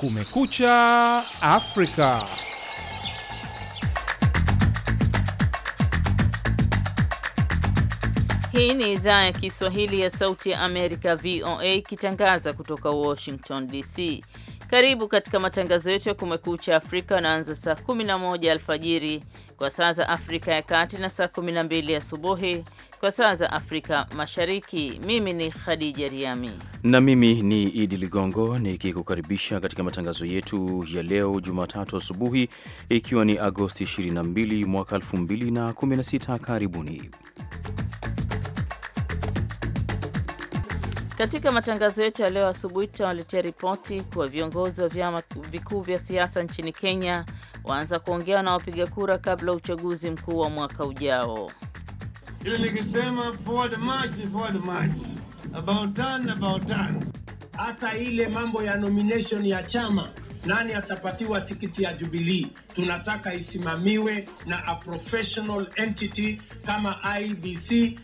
Kumekucha Afrika. Hii ni idhaa ya Kiswahili ya Sauti ya Amerika, VOA, ikitangaza kutoka Washington DC. Karibu katika matangazo yetu ya Kumekucha Afrika wanaanza saa 11 alfajiri kwa saa za Afrika ya Kati na saa 12 asubuhi kwa saa za Afrika Mashariki. Mimi ni Khadija Riami na mimi ni Idi Ligongo nikikukaribisha katika matangazo yetu ya leo Jumatatu asubuhi, ikiwa ni Agosti 22 mwaka 2016. Karibuni katika matangazo yetu ya leo asubuhi. Tutawaletea ripoti kuwa viongozi wa vyama vikuu vya siasa nchini Kenya waanza kuongea na wapiga kura kabla uchaguzi mkuu wa mwaka ujao ili nikisema forward march forward march, about turn, about turn. Hata ile mambo ya nomination ya chama, nani atapatiwa tikiti ya Jubilee, tunataka isimamiwe na a professional entity kama IBC.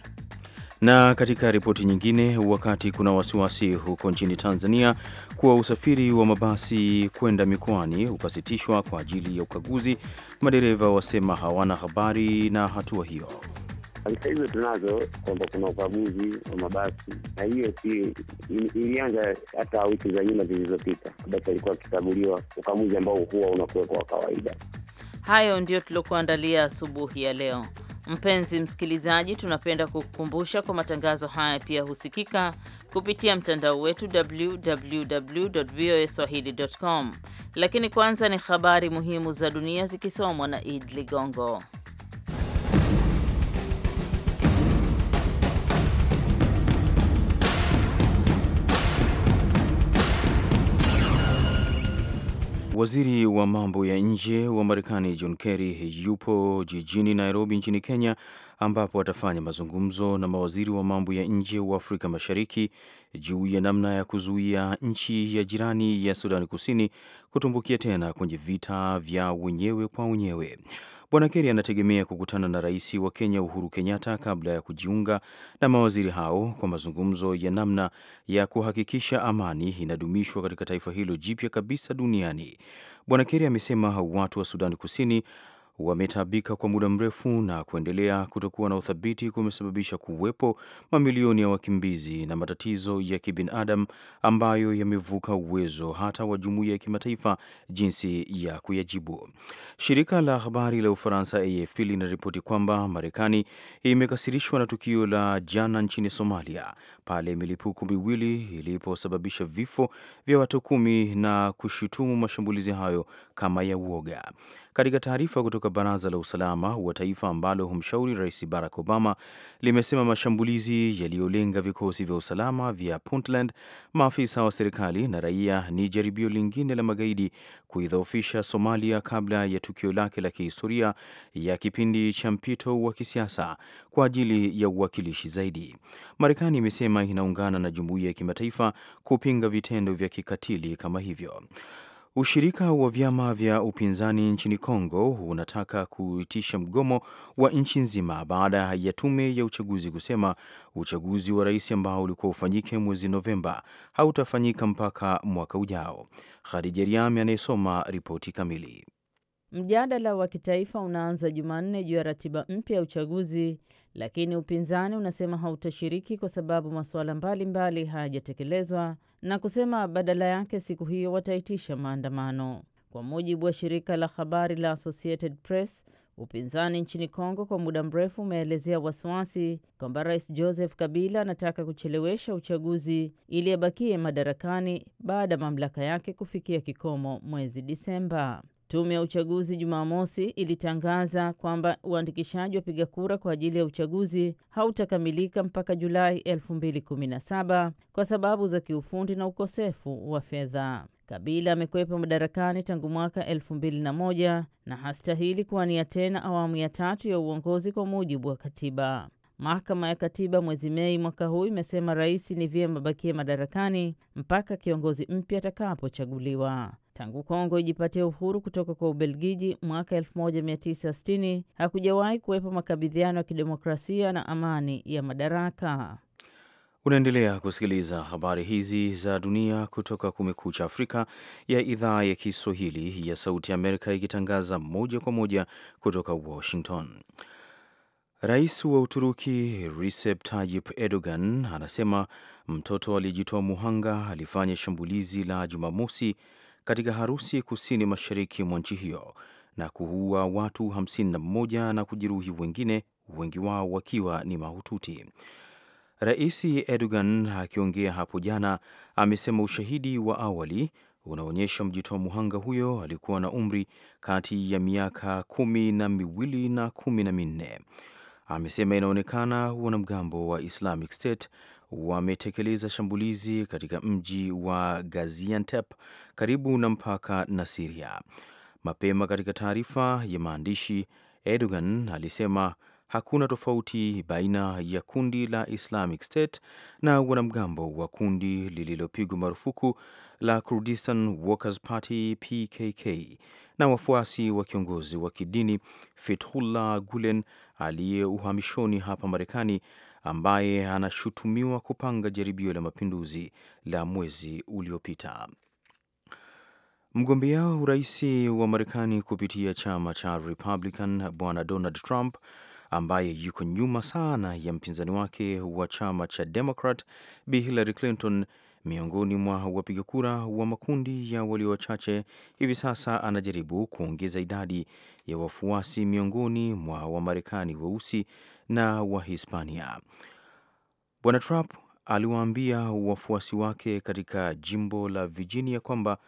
Na katika ripoti nyingine, wakati kuna wasiwasi huko nchini Tanzania kuwa usafiri wa mabasi kwenda mikoani ukasitishwa kwa ajili ya ukaguzi, madereva wasema hawana habari na hatua hiyo kabisa hizo tunazo, kwamba kuna ukaguzi wa mabasi, na hiyo si ilianza hata wiki za nyuma zilizopita. Basi alikuwa akikaguliwa, ukaguzi ambao huwa unakuwekwa wa kawaida. Hayo ndiyo tuliokuandalia asubuhi ya leo. Mpenzi msikilizaji, tunapenda kukukumbusha kwa matangazo haya pia husikika kupitia mtandao wetu www voa swahili com. Lakini kwanza ni habari muhimu za dunia zikisomwa na Id Ligongo. Waziri wa mambo ya nje wa Marekani John Kerry yupo jijini Nairobi nchini Kenya, ambapo atafanya mazungumzo na mawaziri wa mambo ya nje wa Afrika Mashariki juu ya namna ya kuzuia nchi ya jirani ya Sudani Kusini kutumbukia tena kwenye vita vya wenyewe kwa wenyewe. Bwana keri anategemea kukutana na rais wa Kenya Uhuru Kenyatta kabla ya kujiunga na mawaziri hao kwa mazungumzo ya namna ya kuhakikisha amani inadumishwa katika taifa hilo jipya kabisa duniani. Bwana keri amesema watu wa sudani Kusini wametaabika kwa muda mrefu na kuendelea kutokuwa na uthabiti kumesababisha kuwepo mamilioni ya wakimbizi na matatizo ya kibinadamu ambayo yamevuka uwezo hata wa jumuiya ya kimataifa jinsi ya kuyajibu. Shirika la habari la Ufaransa AFP linaripoti kwamba Marekani imekasirishwa na tukio la jana nchini Somalia pale milipuko miwili iliposababisha vifo vya watu kumi na kushutumu mashambulizi hayo kama ya uoga katika taarifa kutoka Baraza la Usalama wa Taifa ambalo humshauri Rais Barack Obama limesema mashambulizi yaliyolenga vikosi vya usalama vya Puntland, maafisa wa serikali na raia ni jaribio lingine la magaidi kuidhoofisha Somalia kabla ya tukio lake la kihistoria ya kipindi cha mpito wa kisiasa kwa ajili ya uwakilishi zaidi. Marekani imesema inaungana na jumuiya ya kimataifa kupinga vitendo vya kikatili kama hivyo. Ushirika wa vyama vya upinzani nchini Kongo unataka kuitisha mgomo wa nchi nzima baada ya tume ya uchaguzi kusema uchaguzi wa rais ambao ulikuwa ufanyike mwezi Novemba hautafanyika mpaka mwaka ujao. Khadija Riami anayesoma ripoti kamili. Mjadala wa kitaifa unaanza Jumanne juu ya ratiba mpya ya uchaguzi, lakini upinzani unasema hautashiriki kwa sababu masuala mbalimbali hayajatekelezwa na kusema badala yake siku hiyo wataitisha maandamano. Kwa mujibu wa shirika la habari la Associated Press, upinzani nchini Kongo kwa muda mrefu umeelezea wasiwasi kwamba Rais Joseph Kabila anataka kuchelewesha uchaguzi ili abakie madarakani baada ya mamlaka yake kufikia kikomo mwezi Disemba. Tume ya uchaguzi Jumamosi ilitangaza kwamba uandikishaji wa piga kura kwa ajili ya uchaguzi hautakamilika mpaka Julai 2017 kwa sababu za kiufundi na ukosefu wa fedha. Kabila amekwepa madarakani tangu mwaka 2001 na hastahili kuwania tena awamu ya tatu ya uongozi kwa mujibu wa katiba. Mahakama ya Katiba mwezi Mei mwaka huu imesema rais ni vyema abakie madarakani mpaka kiongozi mpya atakapochaguliwa. Tangu Kongo ijipatia uhuru kutoka kwa Ubelgiji mwaka 1960 hakujawahi kuwepo makabidhiano ya kidemokrasia na amani ya madaraka. Unaendelea kusikiliza habari hizi za dunia kutoka Kumekucha Afrika ya idhaa ya Kiswahili ya Sauti ya Amerika ikitangaza moja kwa moja kutoka Washington. Rais wa Uturuki Recep Tayyip Erdogan anasema mtoto aliyejitoa muhanga alifanya shambulizi la Jumamosi katika harusi kusini mashariki mwa nchi hiyo na kuua watu 51 na kujeruhi wengine, wengi wao wakiwa ni mahututi. Rais Erdogan akiongea hapo jana amesema ushahidi wa awali unaonyesha mjitoa muhanga huyo alikuwa na umri kati ya miaka kumi na miwili na kumi na minne. Amesema inaonekana wanamgambo wa Islamic State wametekeleza shambulizi katika mji wa Gaziantep karibu na mpaka na Siria. Mapema katika taarifa ya maandishi, Erdogan alisema hakuna tofauti baina ya kundi la Islamic State na wanamgambo wa kundi lililopigwa marufuku la Kurdistan Workers Party PKK na wafuasi wa kiongozi wa kidini Fethullah Gulen aliye uhamishoni hapa Marekani ambaye anashutumiwa kupanga jaribio la mapinduzi la mwezi uliopita. Mgombea urais wa Marekani kupitia chama cha Republican Bwana Donald Trump ambaye yuko nyuma sana ya mpinzani wake wa chama cha Democrat Bi Hillary Clinton miongoni mwa wapiga kura wa makundi ya walio wachache hivi sasa anajaribu kuongeza idadi ya wafuasi miongoni mwa Wamarekani weusi na Wahispania. Bwana Trump aliwaambia wafuasi wake katika jimbo la Virginia kwamba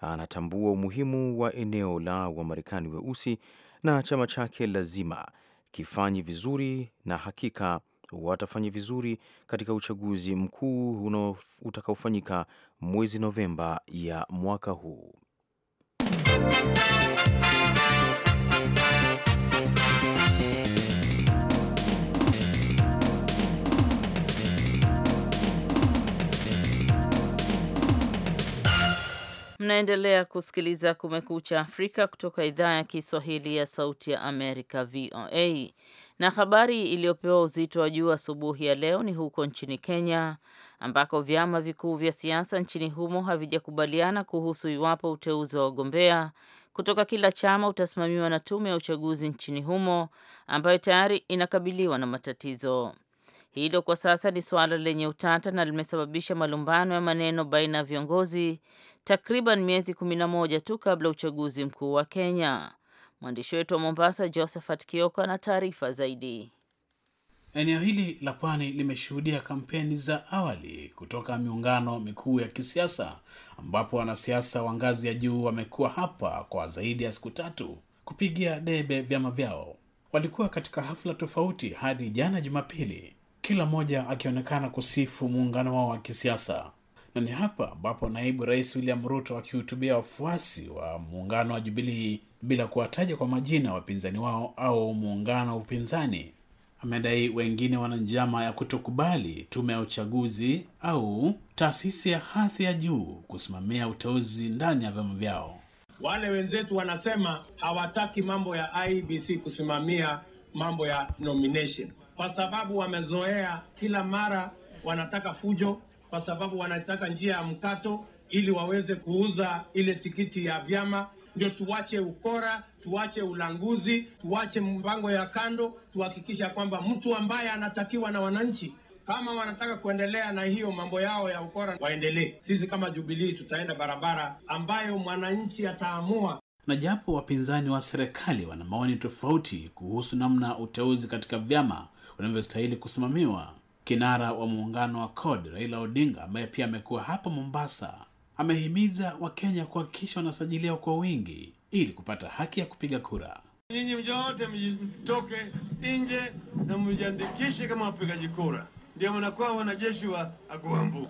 anatambua umuhimu wa eneo la Wamarekani weusi na chama chake lazima kifanyi vizuri na hakika watafanya vizuri katika uchaguzi mkuu utakaofanyika mwezi Novemba ya mwaka huu. Mnaendelea kusikiliza Kumekucha Afrika kutoka idhaa ya Kiswahili ya Sauti ya Amerika, VOA. Na habari iliyopewa uzito wa juu asubuhi ya leo ni huko nchini Kenya ambako vyama vikuu vya siasa nchini humo havijakubaliana kuhusu iwapo uteuzi wa wagombea kutoka kila chama utasimamiwa na tume ya uchaguzi nchini humo ambayo tayari inakabiliwa na matatizo. Hilo kwa sasa ni suala lenye utata na limesababisha malumbano ya maneno baina ya viongozi takriban miezi 11 tu kabla uchaguzi mkuu wa Kenya. Mwandishi wetu wa Mombasa, Josephat Kioko, ana taarifa zaidi. Eneo hili la pwani limeshuhudia kampeni za awali kutoka miungano mikuu ya kisiasa, ambapo wanasiasa wa ngazi ya juu wamekuwa hapa kwa zaidi ya siku tatu kupigia debe vyama vyao. Walikuwa katika hafla tofauti hadi jana Jumapili, kila mmoja akionekana kusifu muungano wao wa kisiasa na ni hapa ambapo naibu rais William Ruto akihutubia wafuasi wa muungano wa Jubilii bila kuwataja kwa majina wapinzani wao au muungano wa upinzani, amedai wengine wana njama ya kutokubali tume ya uchaguzi au taasisi ya hadhi ya juu kusimamia uteuzi ndani ya vyama vyao. Wale wenzetu wanasema hawataki mambo ya IBC kusimamia mambo ya nomination, kwa sababu wamezoea kila mara wanataka fujo kwa sababu wanataka njia ya mkato ili waweze kuuza ile tikiti ya vyama. Ndio tuwache ukora, tuwache ulanguzi, tuwache mpango ya kando, tuhakikisha kwamba mtu ambaye anatakiwa na wananchi kama wanataka kuendelea na hiyo mambo yao ya ukora waendelee. Sisi kama Jubilii tutaenda barabara ambayo mwananchi ataamua. Na japo wapinzani wa serikali wana maoni tofauti kuhusu namna uteuzi katika vyama unavyostahili kusimamiwa, Kinara wa muungano wa CORD Raila Odinga, ambaye pia amekuwa hapa Mombasa, amehimiza Wakenya kuhakikisha wanasajiliwa kwa wingi ili kupata haki ya kupiga kura. Nyinyi mjowote mtoke nje na mjiandikishe kama wapigaji kura, ndio mnakuwa wanajeshi wa Agwambu.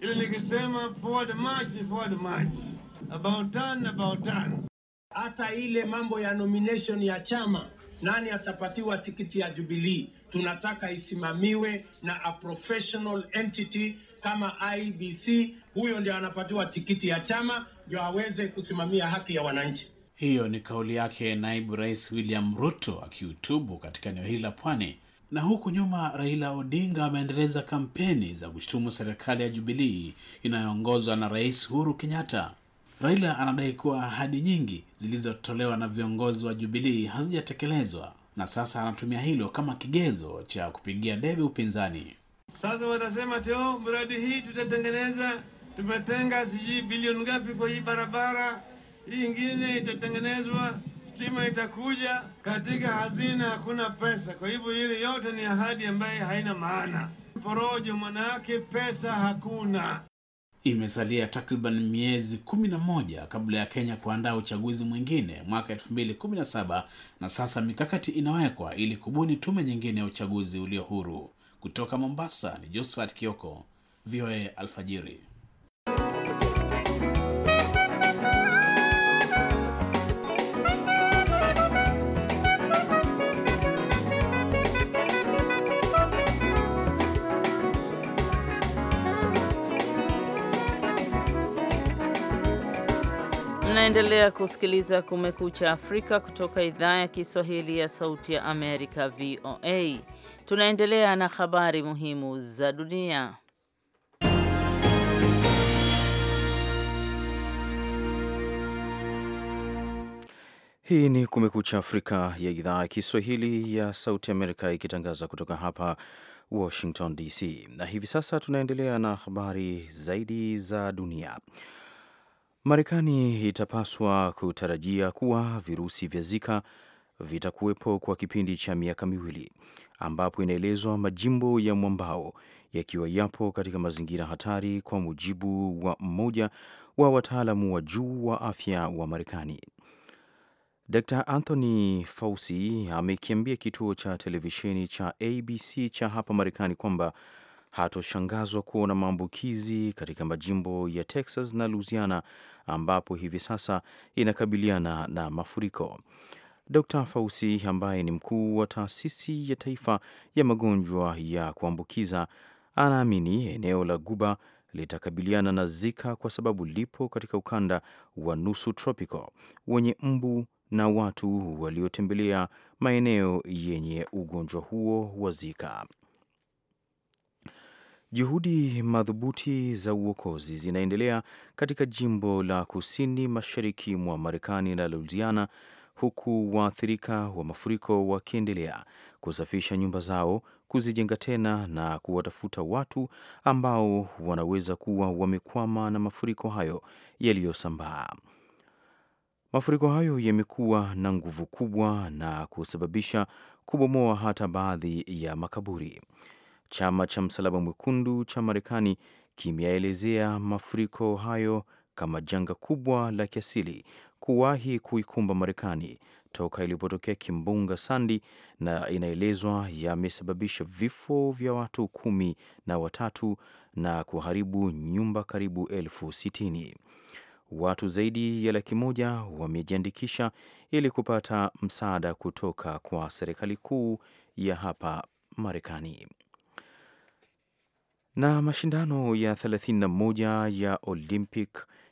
Ili nikisema forward march forward march, about about Hata ile mambo ya nomination ya chama, nani atapatiwa tikiti ya Jubilee tunataka isimamiwe na a professional entity kama IBC. Huyo ndio anapatiwa tikiti ya chama ndio aweze kusimamia haki ya wananchi. Hiyo ni kauli yake naibu rais William Ruto akihutubu katika eneo hili la Pwani. Na huku nyuma, Raila Odinga ameendeleza kampeni za kushutumu serikali ya Jubilii inayoongozwa na Rais Uhuru Kenyatta. Raila anadai kuwa ahadi nyingi zilizotolewa na viongozi wa Jubilii hazijatekelezwa na sasa anatumia hilo kama kigezo cha kupigia debe upinzani. Sasa wanasema teo mradi hii tutatengeneza, tumetenga sijui bilioni ngapi kwa hii barabara, hii ingine itatengenezwa, stima itakuja katika hazina, hakuna pesa. Kwa hivyo hili yote ni ahadi ambaye haina maana, porojo, manayake pesa hakuna. Imesalia takriban miezi 11 kabla ya Kenya kuandaa uchaguzi mwingine mwaka 217 na na sasa mikakati inawekwa ili kubuni tume nyingine ya uchaguzi ulio huru. Kutoka Mombasa ni Josephat Kioko, VOA Alfajiri. Unaendelea kusikiliza Kumekucha Afrika kutoka idhaa ya Kiswahili ya Sauti ya Amerika, VOA. Tunaendelea na habari muhimu za dunia. Hii ni Kumekucha Afrika ya idhaa ya Kiswahili ya Sauti Amerika ikitangaza kutoka hapa Washington DC, na hivi sasa tunaendelea na habari zaidi za dunia. Marekani itapaswa kutarajia kuwa virusi vya Zika vitakuwepo kwa kipindi cha miaka miwili, ambapo inaelezwa majimbo ya mwambao yakiwa yapo katika mazingira hatari, kwa mujibu wa mmoja wa wataalamu wa juu wa afya wa Marekani. Dr. Anthony Fauci amekiambia kituo cha televisheni cha ABC cha hapa Marekani kwamba hatoshangazwa kuona maambukizi katika majimbo ya Texas na Louisiana ambapo hivi sasa inakabiliana na mafuriko. Dr. Fauci ambaye ni mkuu wa taasisi ya taifa ya magonjwa ya kuambukiza anaamini eneo la Guba litakabiliana na Zika kwa sababu lipo katika ukanda wa nusu tropical wenye mbu na watu waliotembelea maeneo yenye ugonjwa huo wa Zika. Juhudi madhubuti za uokozi zinaendelea katika jimbo la kusini mashariki mwa Marekani la Louisiana, huku waathirika wa mafuriko wakiendelea kusafisha nyumba zao, kuzijenga tena na kuwatafuta watu ambao wanaweza kuwa wamekwama na mafuriko hayo yaliyosambaa. Mafuriko hayo yamekuwa na nguvu kubwa na kusababisha kubomoa hata baadhi ya makaburi. Chama cha Msalaba Mwekundu cha Marekani kimeyaelezea mafuriko hayo kama janga kubwa la kiasili kuwahi kuikumba Marekani toka ilipotokea kimbunga sandi na inaelezwa yamesababisha vifo vya watu kumi na watatu na kuharibu nyumba karibu elfu sitini. Watu zaidi ya laki moja wamejiandikisha ili kupata msaada kutoka kwa serikali kuu ya hapa Marekani. Na mashindano ya 31 ya Olympic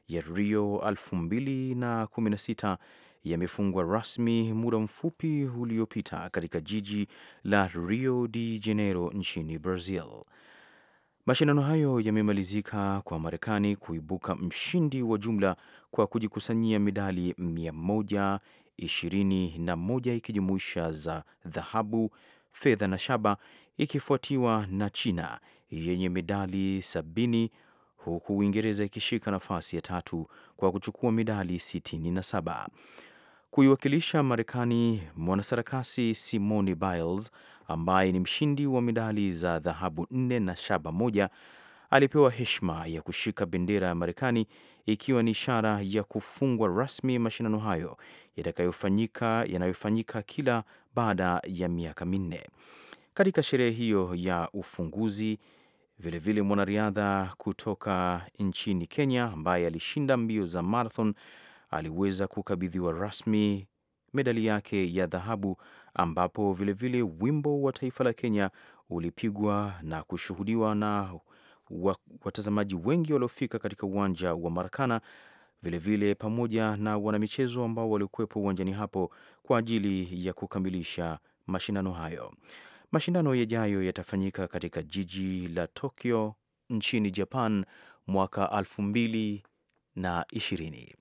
ya Rio 2016 yamefungwa rasmi muda mfupi uliopita katika jiji la Rio de Janeiro nchini Brazil. Mashindano hayo yamemalizika kwa Marekani kuibuka mshindi wa jumla kwa kujikusanyia medali 121 ikijumuisha za dhahabu, fedha na shaba, ikifuatiwa na China yenye medali sabini huku Uingereza ikishika nafasi ya tatu kwa kuchukua medali 67. Kuiwakilisha Marekani, mwanasarakasi Simone Biles ambaye ni mshindi wa medali za dhahabu nne na shaba moja alipewa heshima ya kushika bendera ya Marekani ikiwa ni ishara ya kufungwa rasmi mashindano hayo yatakayofanyika yanayofanyika kila baada ya miaka minne. Katika sherehe hiyo ya ufunguzi vilevile mwanariadha kutoka nchini Kenya ambaye alishinda mbio za marathon aliweza kukabidhiwa rasmi medali yake ya dhahabu, ambapo vilevile vile wimbo wa taifa la Kenya ulipigwa na kushuhudiwa na watazamaji wengi waliofika katika uwanja wa Marakana, vilevile vile pamoja na wanamichezo ambao walikuwepo uwanjani hapo kwa ajili ya kukamilisha mashindano hayo. Mashindano yajayo yatafanyika katika jiji la Tokyo nchini Japan mwaka 2020.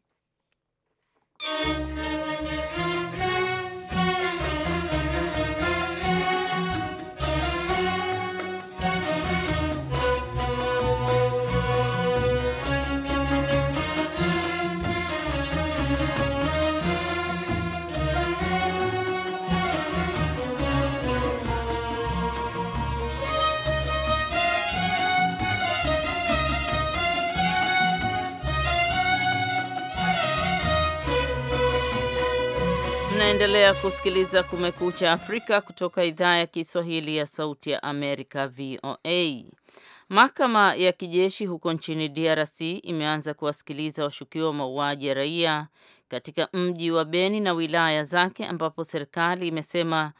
Unaendelea kusikiliza Kumekucha Afrika kutoka idhaa ya Kiswahili ya Sauti ya Amerika, VOA. Mahakama ya kijeshi huko nchini DRC imeanza kuwasikiliza washukiwa wa mauaji ya raia katika mji wa Beni na wilaya zake, ambapo serikali imesema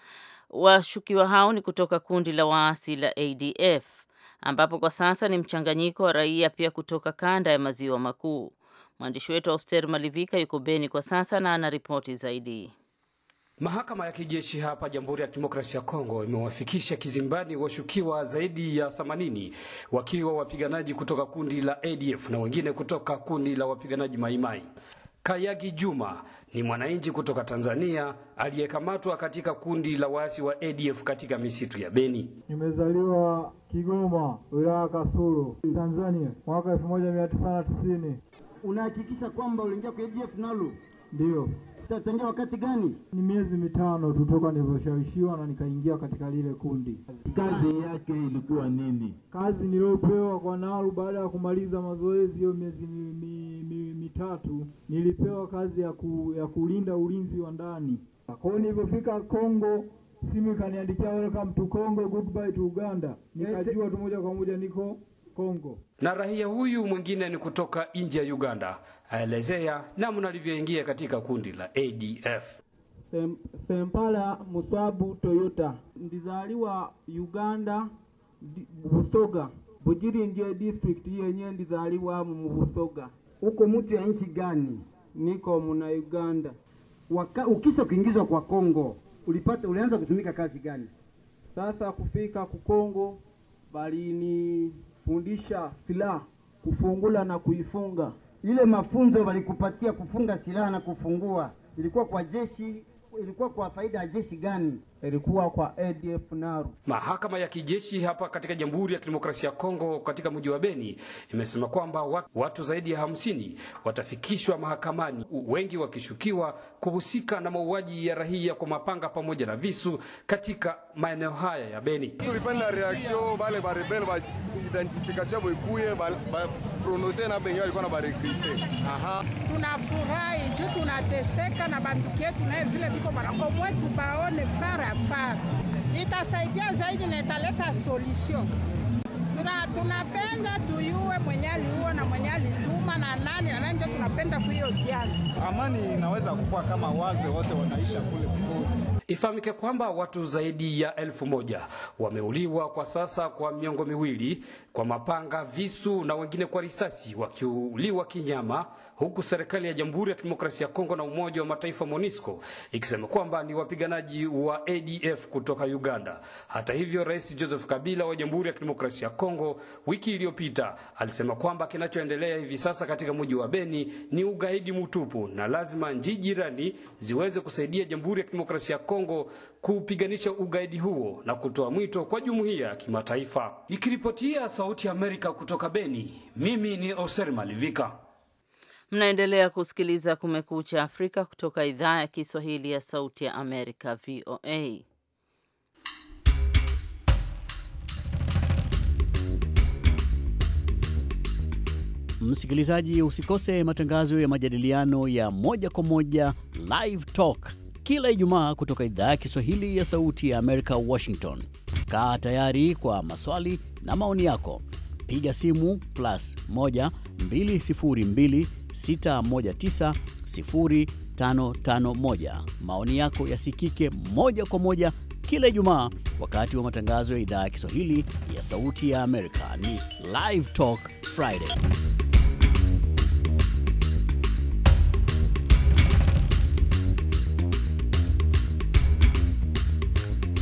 washukiwa hao ni kutoka kundi la waasi la ADF, ambapo kwa sasa ni mchanganyiko wa raia pia kutoka kanda ya maziwa makuu. Mwandishi wetu Auster Malivika yuko Beni kwa sasa na ana ripoti zaidi. Mahakama ya kijeshi hapa Jamhuri ya Kidemokrasia ya Kongo imewafikisha kizimbani washukiwa zaidi ya 80 wakiwa wapiganaji kutoka kundi la ADF na wengine kutoka kundi la wapiganaji Maimai. Kayagi Juma ni mwananchi kutoka Tanzania aliyekamatwa katika kundi la waasi wa ADF katika misitu ya Beni. Nimezaliwa Kigoma, wilaya Kasulu, Tanzania mwaka 1990. Unahakikisha kwamba uliingia kwa ADF nalo? Ndio tangia wakati gani? Ni miezi mitano tutoka nilivyoshawishiwa na nikaingia katika lile kundi. Kazi yake ilikuwa nini? Kazi niliyopewa kwa Naru baada ya kumaliza mazoezi hiyo miezi mi, mi, mi, mitatu, nilipewa kazi ya, ku, ya kulinda ulinzi wa ndani. Kwa nilivyofika Kongo simu ikaniandikia welcome to Congo, goodbye to Uganda, nikajua tu moja kwa moja niko Kongo. Na raia huyu mwingine ni kutoka nje ya Uganda, aelezea namna alivyoingia katika kundi la ADF. Sem, Sempala Muswabu Toyota ndizaliwa Uganda di, Busoga Bujiri ndiyo district yenye ndizaliwa mu Busoga. Uko mtu ya nchi gani? Niko muna Uganda. Waka, ukisha kuingizwa kwa Kongo ulipata ulianza kutumika kazi gani? Sasa kufika ku Kongo ni fundisha silaha, kufungula na kuifunga. Ile mafunzo walikupatia kufunga silaha na kufungua ilikuwa kwa jeshi ilikuwa kwa faida ya jeshi gani? Ilikuwa kwa ADF Naru. Mahakama ya kijeshi hapa katika Jamhuri ya Kidemokrasia ya Kongo katika mji wa Beni imesema kwamba watu zaidi ya hamsini watafikishwa mahakamani, wengi wakishukiwa kuhusika na mauaji ya raia kwa mapanga pamoja na visu katika maeneo haya ya Beni. reaction barebel identification prononse na benyewe alikuwa na barekrite. Aha. Tunafurahi juu tunateseka na banduki yetu naye vile biko banako mwetu baone fara fara, itasaidia zaidi na italeta solution. Tuna tunapenda tuyue mwenye aliua na mwenye alituma na nani na nani, ndio tunapenda kuiyo kiasi. Amani inaweza kukua kama wazee wote wanaisha kule kule. Ifahamike kwamba watu zaidi ya elfu moja wameuliwa kwa sasa kwa miongo miwili kwa mapanga, visu na wengine kwa risasi, wakiuliwa kinyama huku serikali ya Jamhuri ya Kidemokrasia ya Kongo na Umoja wa Mataifa MONUSCO ikisema kwamba ni wapiganaji wa ADF kutoka Uganda. Hata hivyo, Rais Joseph Kabila wa Jamhuri ya Kidemokrasia ya Kongo wiki iliyopita alisema kwamba kinachoendelea hivi sasa katika mji wa Beni ni ugaidi mtupu na lazima nchi jirani ziweze kusaidia Jamhuri ya Kidemokrasia ya Kongo kupiganisha ugaidi huo na kutoa mwito kwa jumuiya ya kimataifa. Ikiripotia Sauti ya Amerika kutoka Beni, mimi ni Oser Malivika. Mnaendelea kusikiliza Kumekucha Afrika kutoka idhaa ya Kiswahili ya Sauti ya Amerika, VOA. Msikilizaji, usikose matangazo ya majadiliano ya moja kwa moja, Live Talk, kila Ijumaa kutoka idhaa ya Kiswahili ya Sauti ya Amerika, Washington. Kaa tayari kwa maswali na maoni yako, piga simu plus 1 202 619 Maoni yako yasikike moja kwa moja kila Ijumaa wakati wa matangazo ya idhaa ya Kiswahili ya Sauti ya Amerika. Ni Live Talk Friday.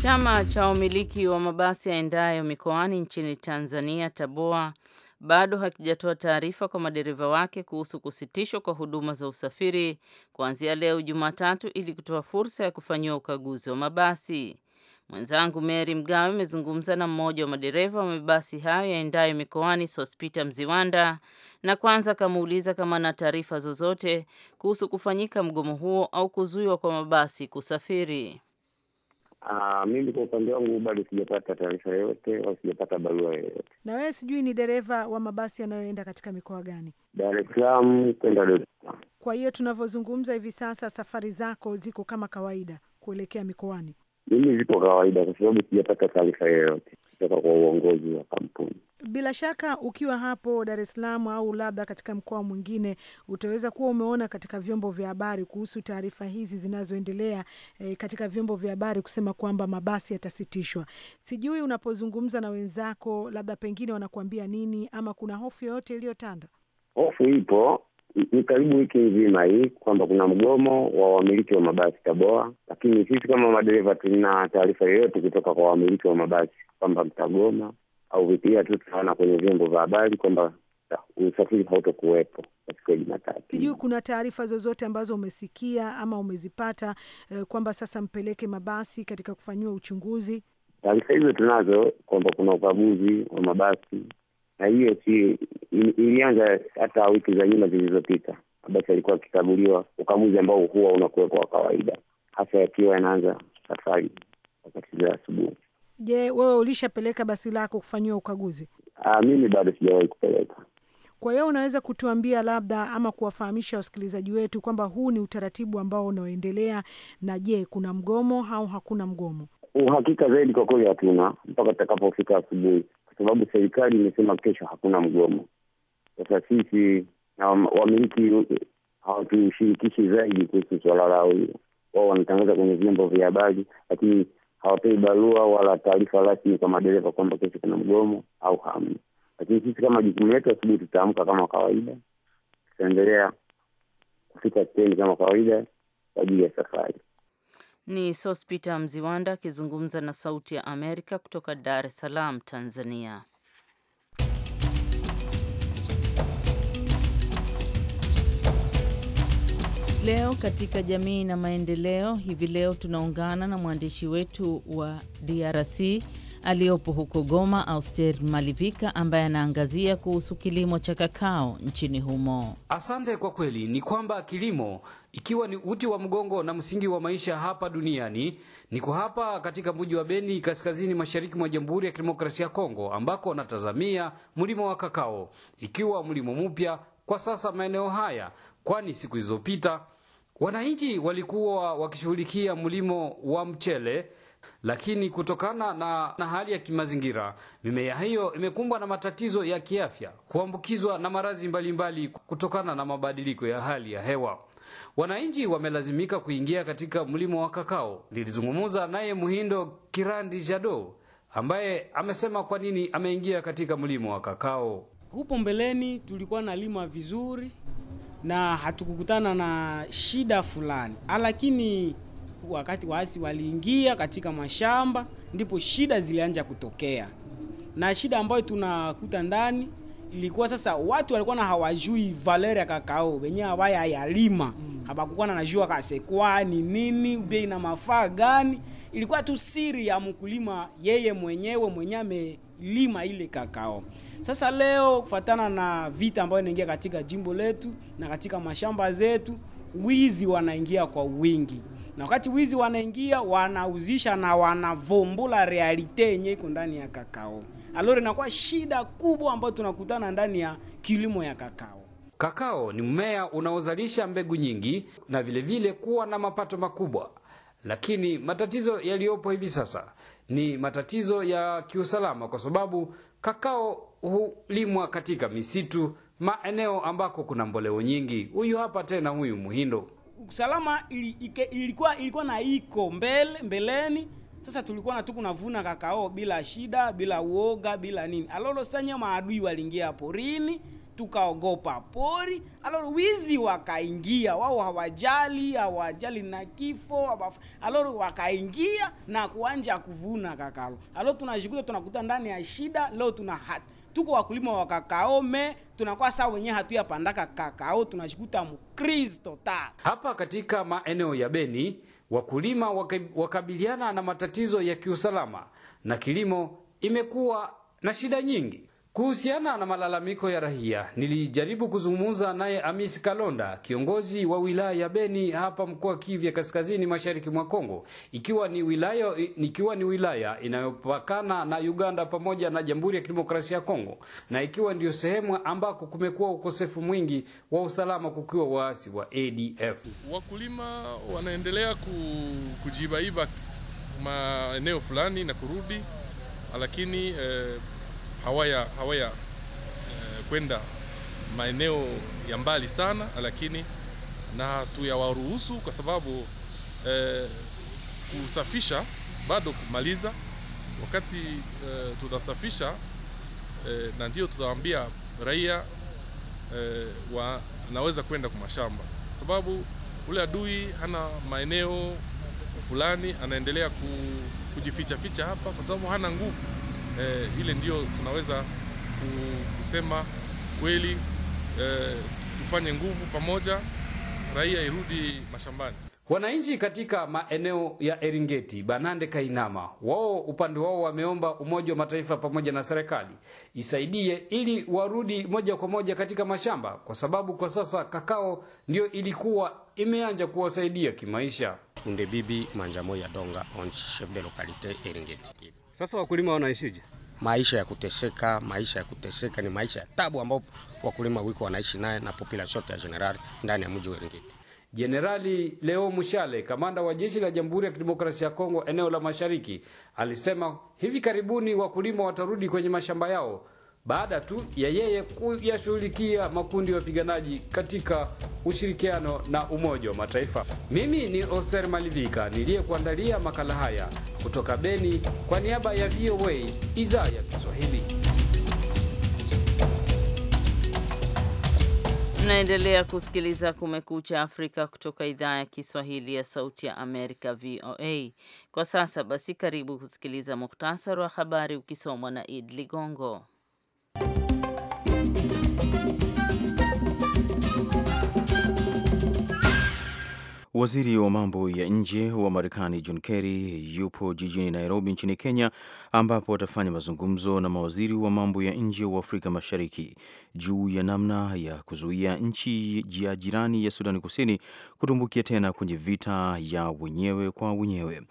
Chama cha umiliki wa mabasi yaendayo mikoani nchini Tanzania, TABOA, bado hakijatoa taarifa kwa madereva wake kuhusu kusitishwa kwa huduma za usafiri kuanzia leo Jumatatu ili kutoa fursa ya kufanyiwa ukaguzi wa mabasi. Mwenzangu Mary Mgawe amezungumza na mmoja wa madereva wa mabasi hayo yaendayo mikoani Sospita Mziwanda, na kwanza akamuuliza kama ana taarifa zozote kuhusu kufanyika mgomo huo au kuzuiwa kwa mabasi kusafiri. Aa, ah, mimi kwa upande wangu bado sijapata taarifa yoyote au sijapata barua yoyote. Na wewe sijui ni dereva wa mabasi yanayoenda katika mikoa gani? Dar es Salaam kwenda Dodoma. Kwa hiyo tunavyozungumza hivi sasa, safari zako ziko kama kawaida kuelekea mikoani? mimi zipo kawaida, kwa sababu sijapata taarifa yoyote kutoka kwa uongozi wa kampuni. Bila shaka ukiwa hapo Dar es Salaam au labda katika mkoa mwingine, utaweza kuwa umeona katika vyombo vya habari kuhusu taarifa hizi zinazoendelea e, katika vyombo vya habari kusema kwamba mabasi yatasitishwa. Sijui unapozungumza na wenzako, labda pengine wanakuambia nini, ama kuna hofu yoyote iliyotanda? Hofu ipo ni karibu wiki nzima hii kwamba kuna mgomo wa wamiliki wa mabasi Taboa, lakini sisi kama madereva tuna taarifa yoyote kutoka kwa wamiliki wa mabasi kwamba mtagoma au vipia tu tunaona kwenye vyombo vya habari kwamba usafiri hautokuwepo katika Jumatatu. Sijui kuna taarifa zozote ambazo umesikia ama umezipata eh, kwamba sasa mpeleke mabasi katika kufanyiwa uchunguzi? Taarifa hizo tunazo kwamba kuna ukaguzi wa mabasi na hiyo ilianza hata wiki za nyuma zilizopita. Abasi alikuwa akikaguliwa ukaguzi ambao huwa unakuwekwa wa kawaida, hasa yakiwa yanaanza safari wakati za asubuhi. Je, wewe ulishapeleka basi lako kufanyiwa ukaguzi? Aa, ah, mimi bado sijawahi kupeleka. Kwa hiyo unaweza kutuambia labda ama kuwafahamisha wasikilizaji wetu kwamba huu ni utaratibu ambao unaoendelea, na je, kuna mgomo au hakuna mgomo? Uhakika zaidi kwa kweli hatuna mpaka tutakapofika asubuhi, sababu serikali imesema kesho hakuna mgomo. Sasa sisi na wamiliki hawatushirikishi zaidi kuhusu suala lao hilo. Wao wanatangaza kwenye vyombo vya habari, lakini hawapei barua wala taarifa rasmi kwa madereva kwamba kesho kuna mgomo au hamna. Lakini sisi kama jukumu letu, asubuhi tutaamka kama kawaida, tutaendelea kufika stendi kama kawaida kwa ajili ya safari. Ni Sospita Mziwanda akizungumza na Sauti ya Amerika kutoka Dar es Salaam, Tanzania. Leo katika jamii na maendeleo, hivi leo tunaungana na mwandishi wetu wa DRC aliyopo huko Goma, Auster Malivika, ambaye anaangazia kuhusu kilimo cha kakao nchini humo. Asante. Kwa kweli ni kwamba kilimo ikiwa ni uti wa mgongo na msingi wa maisha hapa duniani. Niko hapa katika mji wa Beni, kaskazini mashariki mwa Jamhuri ya Kidemokrasia ya Kongo, ambako natazamia mlimo wa kakao, ikiwa mlimo mpya kwa sasa maeneo haya, kwani siku zilizopita wananchi walikuwa wakishughulikia mlimo wa mchele lakini kutokana na, na hali ya kimazingira mimea hiyo imekumbwa na matatizo ya kiafya, kuambukizwa na maradhi mbalimbali kutokana na mabadiliko ya hali ya hewa. Wananchi wamelazimika kuingia katika mlimo wa kakao. Nilizungumza naye Muhindo Kirandi Jado ambaye amesema kwa nini ameingia katika mlimo wa kakao. Hupo mbeleni tulikuwa na lima vizuri na hatukukutana na shida fulani, lakini wakati waasi waliingia katika mashamba, ndipo shida zilianza kutokea, na shida ambayo tunakuta ndani ilikuwa sasa, watu walikuwa na hawajui valer ya kakao wenyewe, hawaya yalima mm. habakukuwa na najua kasekwa ni nini bei na mafaa gani, ilikuwa tu siri ya mkulima yeye mwenyewe mwenye amelima ile kakao. Sasa leo kufatana na vita ambayo inaingia katika jimbo letu na katika mashamba zetu, wizi wanaingia kwa wingi na wakati wizi wanaingia wanauzisha na wanavumbula realite yenye iko ndani ya kakao. alori inakuwa shida kubwa ambayo tunakutana ndani ya kilimo ya kakao. Kakao ni mmea unaozalisha mbegu nyingi na vilevile vile kuwa na mapato makubwa, lakini matatizo yaliyopo hivi sasa ni matatizo ya kiusalama, kwa sababu kakao hulimwa katika misitu, maeneo ambako kuna mboleo nyingi. Huyu hapa tena, huyu Muhindo usalama ili, ike, ilikuwa ilikuwa na iko mbele mbeleni. Sasa tulikuwa na tukunavuna kakao bila shida, bila uoga, bila nini. Alolo sanya maadui waliingia porini, tukaogopa pori. Alolo wizi wakaingia, wao hawajali, hawajali na kifo. Alolo wakaingia na kuanja kuvuna kakao. Alolo tunashikuta tunakuta ndani ya shida, leo tuna hati tuko wakulima wa me tunakuwa saa wenyewe hatuyapandaka kakao, tunashikuta mukrizi total. Hapa katika maeneo ya Beni wakulima wakabiliana na matatizo ya kiusalama na kilimo imekuwa na shida nyingi. Kuhusiana na malalamiko ya rahia nilijaribu kuzungumza naye Amis Kalonda, kiongozi wa wilaya ya Beni hapa mkoa Kivu Kaskazini, mashariki mwa Kongo, ikiwa ni wilaya ikiwa ni wilaya inayopakana na Uganda pamoja na Jamhuri ya Kidemokrasia ya Kongo, na ikiwa ndiyo sehemu ambako kumekuwa ukosefu mwingi wa usalama kukiwa waasi wa ADF. Wakulima wanaendelea ku, kujibaiba maeneo fulani na kurudi, lakini eh, hawaya, hawaya eh, kwenda maeneo ya mbali sana, lakini na hatuyawaruhusu kwa sababu eh, kusafisha bado kumaliza wakati eh, tutasafisha eh, na ndio tutawaambia raia eh, wanaweza kwenda kwa mashamba kwa sababu ule adui hana maeneo fulani, anaendelea kujifichaficha hapa kwa sababu hana nguvu eh, ile ndio tunaweza kusema kweli eh, tufanye nguvu pamoja, raia irudi mashambani. Wananchi katika maeneo ya Eringeti, Banande, Kainama, wao upande wao wameomba Umoja wa Mataifa pamoja na serikali isaidie ili warudi moja kwa moja katika mashamba, kwa sababu kwa sasa kakao ndio ilikuwa imeanza kuwasaidia kimaisha. Unde bibi manjamo ya donga on chef de localité Eringeti sasa wakulima wanaishije? Maisha ya kuteseka, maisha ya kuteseka ni maisha ya tabu ambayo wakulima wiko wanaishi naye na population ya generali ndani ya mji wa Iringiti. Jenerali Leo Mushale, kamanda wa jeshi la Jamhuri ya Kidemokrasia ya Kongo eneo la Mashariki, alisema hivi karibuni wakulima watarudi kwenye mashamba yao baada tu ya yeye kuyashughulikia makundi ya wapiganaji katika ushirikiano na Umoja wa Mataifa. Mimi ni Oster Malivika niliyekuandalia makala haya kutoka Beni kwa niaba ya VOA idhaa ya Kiswahili. Mnaendelea kusikiliza Kumekucha Afrika kutoka idhaa ya Kiswahili ya Sauti ya Amerika, VOA. Kwa sasa basi, karibu kusikiliza muhtasari wa habari ukisomwa na Id Ligongo. Waziri wa mambo ya nje wa Marekani John Kerry yupo jijini Nairobi nchini Kenya, ambapo atafanya mazungumzo na mawaziri wa mambo ya nje wa Afrika Mashariki juu ya namna ya kuzuia nchi ya jirani ya Sudani Kusini kutumbukia tena kwenye vita ya wenyewe kwa wenyewe.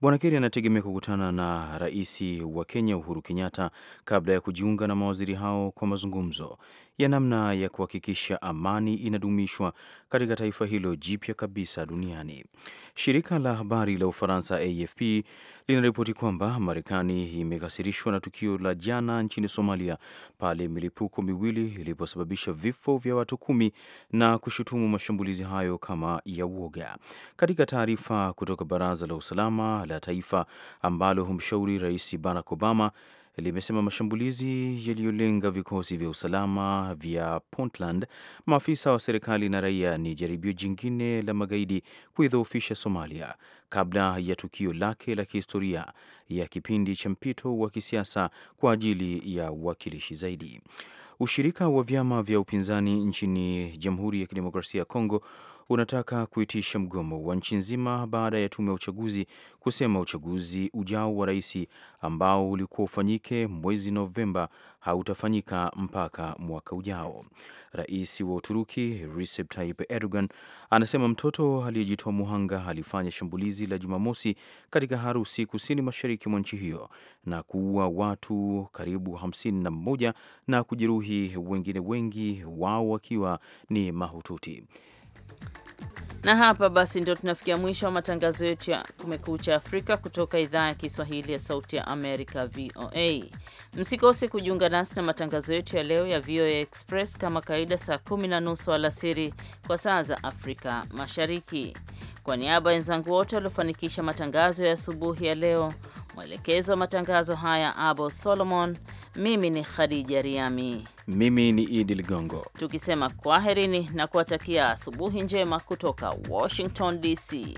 Bwana keri anategemea kukutana na rais wa Kenya Uhuru Kenyatta kabla ya kujiunga na mawaziri hao kwa mazungumzo ya namna ya kuhakikisha amani inadumishwa katika taifa hilo jipya kabisa duniani. Shirika la habari la Ufaransa AFP linaripoti kwamba Marekani imekasirishwa na tukio la jana nchini Somalia pale milipuko miwili iliposababisha vifo vya watu kumi na kushutumu mashambulizi hayo kama ya uoga. Katika taarifa kutoka Baraza la Usalama la Taifa ambalo humshauri Rais Barack Obama limesema mashambulizi yaliyolenga vikosi vya usalama vya Puntland, maafisa wa serikali na raia ni jaribio jingine la magaidi kuidhoofisha Somalia kabla ya tukio lake la kihistoria ya kipindi cha mpito wa kisiasa kwa ajili ya uwakilishi zaidi. Ushirika wa vyama vya upinzani nchini Jamhuri ya Kidemokrasia ya Kongo unataka kuitisha mgomo wa nchi nzima baada ya tume ya uchaguzi kusema uchaguzi ujao wa rais ambao ulikuwa ufanyike mwezi Novemba hautafanyika mpaka mwaka ujao. Rais wa Uturuki Recep Tayyip Erdogan anasema mtoto aliyejitoa muhanga alifanya shambulizi la Jumamosi katika harusi kusini mashariki mwa nchi hiyo na kuua watu karibu 51 na mmoja na kujeruhi wengine wengi, wao wakiwa ni mahututi. Na hapa basi ndio tunafikia mwisho wa matangazo yetu ya Kumekucha Afrika kutoka idhaa ya Kiswahili ya Sauti ya Amerika, VOA. Msikose kujiunga nasi na matangazo yetu ya leo ya VOA Express kama kawaida, saa kumi na nusu alasiri kwa saa za Afrika Mashariki. Kwa niaba ya wenzangu wote waliofanikisha matangazo ya asubuhi ya leo Mwelekezi wa matangazo haya Abo Solomon. Mimi ni Khadija Riami, mimi ni Idi Ligongo, tukisema kwaherini na kuwatakia asubuhi njema kutoka Washington DC.